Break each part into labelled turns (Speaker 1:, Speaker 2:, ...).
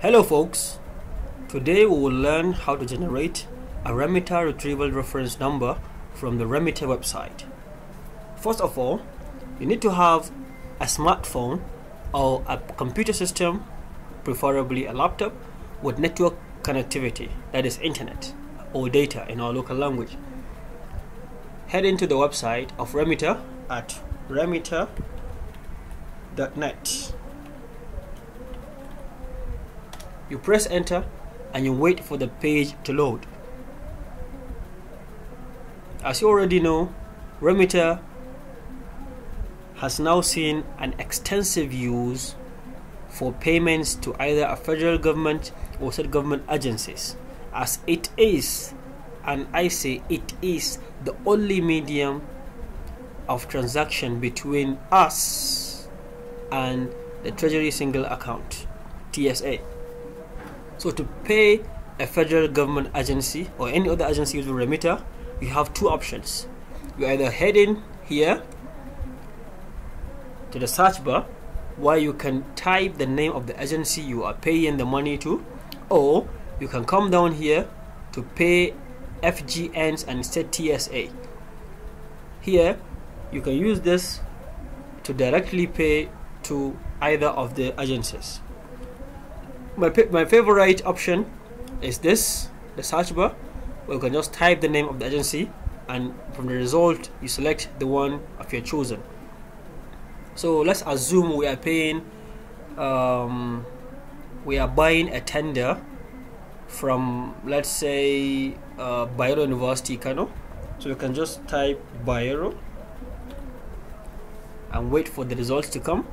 Speaker 1: Hello folks, today we will learn how to generate a Remita retrieval reference number from the Remita website. First of all, you need to have a smartphone or a computer system, preferably a laptop, with network connectivity, that is internet or data in our local language. Head into the website of Remita at remita.net you press enter and you wait for the page to load as you already know Remitter has now seen an extensive use for payments to either a federal government or state government agencies as it is and I say it is the only medium of transaction between us and the treasury single account TSA so to pay a federal government agency or any other agency a remitter, you have two options. You either head in here to the search bar where you can type the name of the agency you are paying the money to or you can come down here to pay FGNs and set TSA. Here you can use this to directly pay to either of the agencies my, my favorite option is this, the search bar, where you can just type the name of the agency and from the result you select the one of your chosen. So let's assume we are paying, um, we are buying a tender from let's say uh, Bayero University Kano. So you can just type Bayero and wait for the results to come.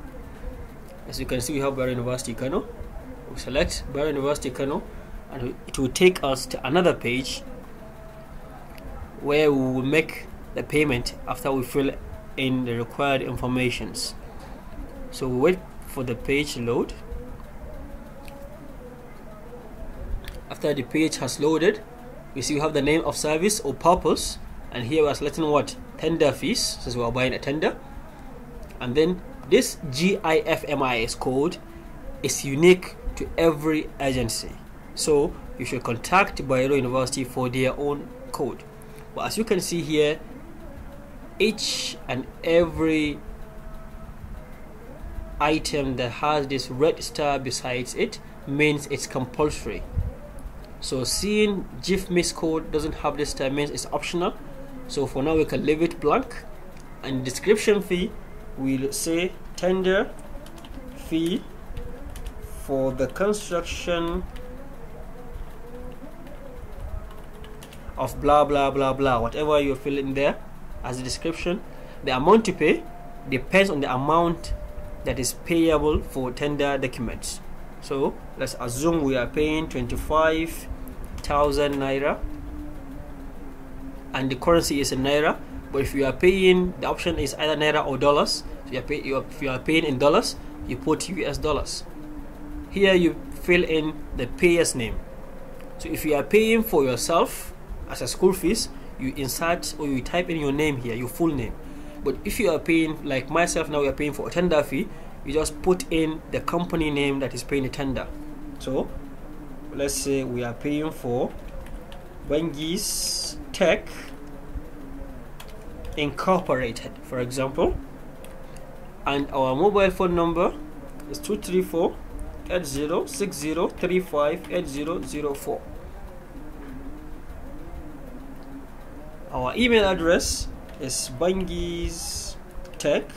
Speaker 1: As you can see, we have Bayero University Kano we select Bio University Kano and it will take us to another page where we will make the payment after we fill in the required informations so we wait for the page to load after the page has loaded we see we have the name of service or purpose and here we are selecting what tender fees since we are buying a tender and then this GIFMIS code is unique to every agency. So you should contact Bayero University for their own code. But as you can see here, each and every item that has this red star besides it means it's compulsory. So seeing GIF miss code doesn't have this star means it's optional. So for now we can leave it blank. And description fee, we'll say tender fee for the construction of blah blah blah blah whatever you fill in there as a description the amount to pay depends on the amount that is payable for tender documents so let's assume we are paying 25,000 naira and the currency is naira but if you are paying the option is either naira or dollars so you are pay, you are, if you are paying in dollars you put US dollars here you fill in the payer's name so if you are paying for yourself as a school fees you insert or you type in your name here your full name but if you are paying like myself now you are paying for a tender fee you just put in the company name that is paying the tender so let's say we are paying for Wengi's Tech Incorporated for example and our mobile phone number is 234 8060358004. Our email address is bungies tech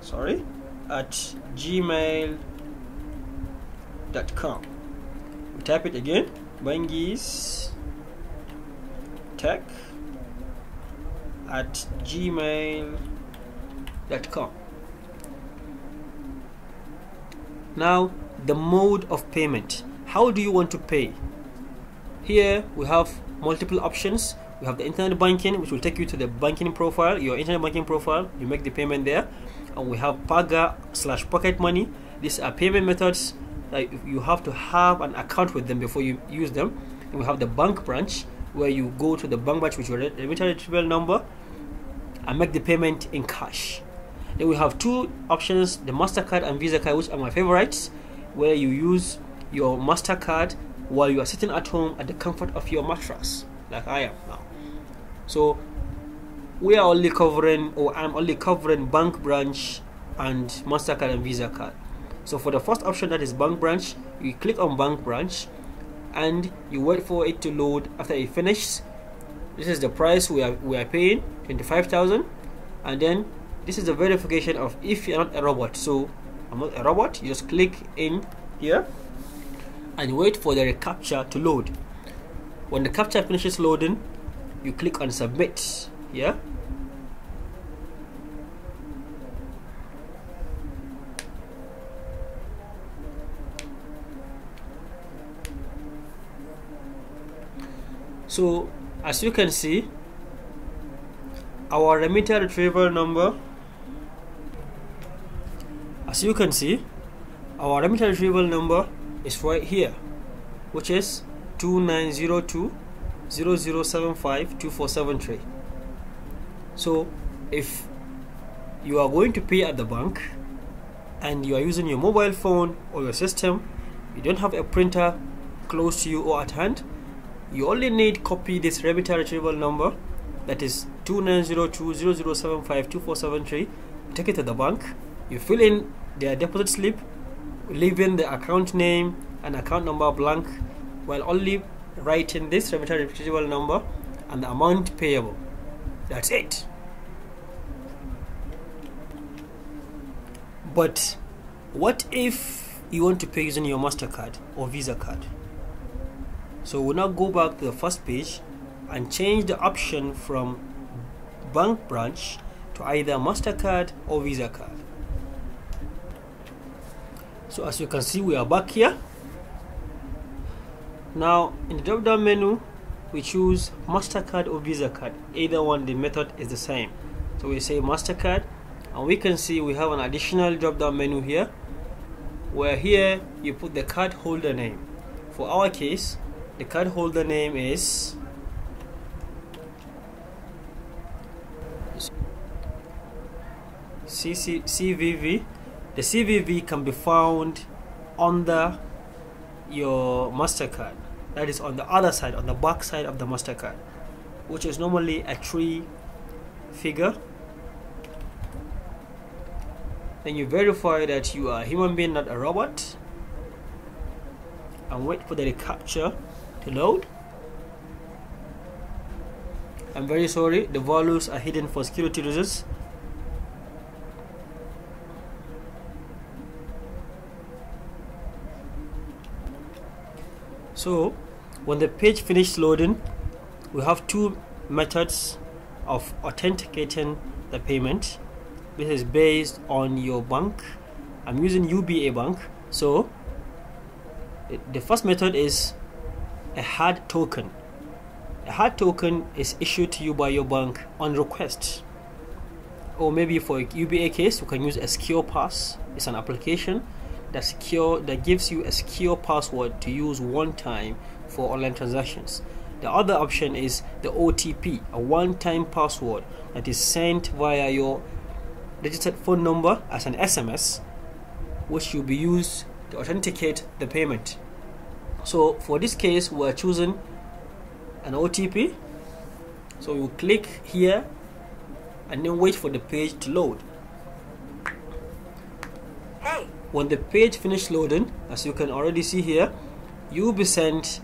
Speaker 1: sorry at gmail.com we type it again bungies tech at gmail.com now the mode of payment how do you want to pay here we have multiple options we have the internet banking which will take you to the banking profile your internet banking profile you make the payment there and we have paga slash pocket money these are payment methods that you have to have an account with them before you use them and we have the bank branch where you go to the bank branch which will your the retrieval number and make the payment in cash then we have two options, the MasterCard and Visa card, which are my favorites, where you use your MasterCard while you are sitting at home at the comfort of your mattress, like I am now. So we are only covering, or I'm only covering bank branch and MasterCard and Visa card. So for the first option that is bank branch, you click on bank branch and you wait for it to load after it finishes. This is the price we are, we are paying, 25,000 and then this is a verification of if you're not a robot so i'm not a robot you just click in here and wait for the recapture to load when the capture finishes loading you click on submit here. so as you can see our remitter retrieval number as you can see our remit retrieval number is right here which is 2902-0075-2473 so if you are going to pay at the bank and you are using your mobile phone or your system you don't have a printer close to you or at hand you only need copy this remitter retrieval number that is 2902-0075-2473 take it to the bank you fill in their deposit slip, leaving the account name and account number blank while only writing this remittance repeatable number and the amount payable. That's it. But what if you want to pay using your MasterCard or Visa card? So we'll now go back to the first page and change the option from bank branch to either MasterCard or Visa card so as you can see we are back here now in the drop down menu we choose mastercard or visa card either one the method is the same so we say mastercard and we can see we have an additional drop down menu here where here you put the card holder name for our case the card holder name is CC CVV the CVV can be found under your MasterCard. That is on the other side, on the back side of the MasterCard, which is normally a three figure. Then you verify that you are a human being, not a robot. And wait for the recapture to load. I'm very sorry, the values are hidden for security reasons. so when the page finishes loading we have two methods of authenticating the payment this is based on your bank I'm using UBA bank so the first method is a hard token a hard token is issued to you by your bank on request or maybe for a UBA case you can use a secure pass it's an application that secure that gives you a secure password to use one time for online transactions. The other option is the OTP, a one-time password that is sent via your registered phone number as an SMS, which will be used to authenticate the payment. So for this case, we're choosing an OTP. So you click here and then wait for the page to load when the page finishes loading as you can already see here you'll be sent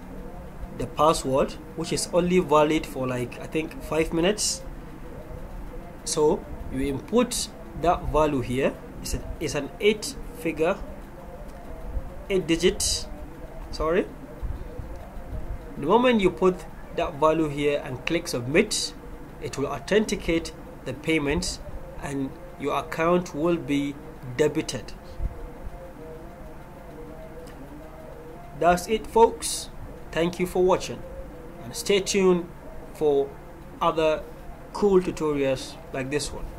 Speaker 1: the password which is only valid for like I think five minutes so you input that value here it's an, it's an eight figure eight digit sorry the moment you put that value here and click submit it will authenticate the payment and your account will be debited that's it folks thank you for watching and stay tuned for other cool tutorials like this one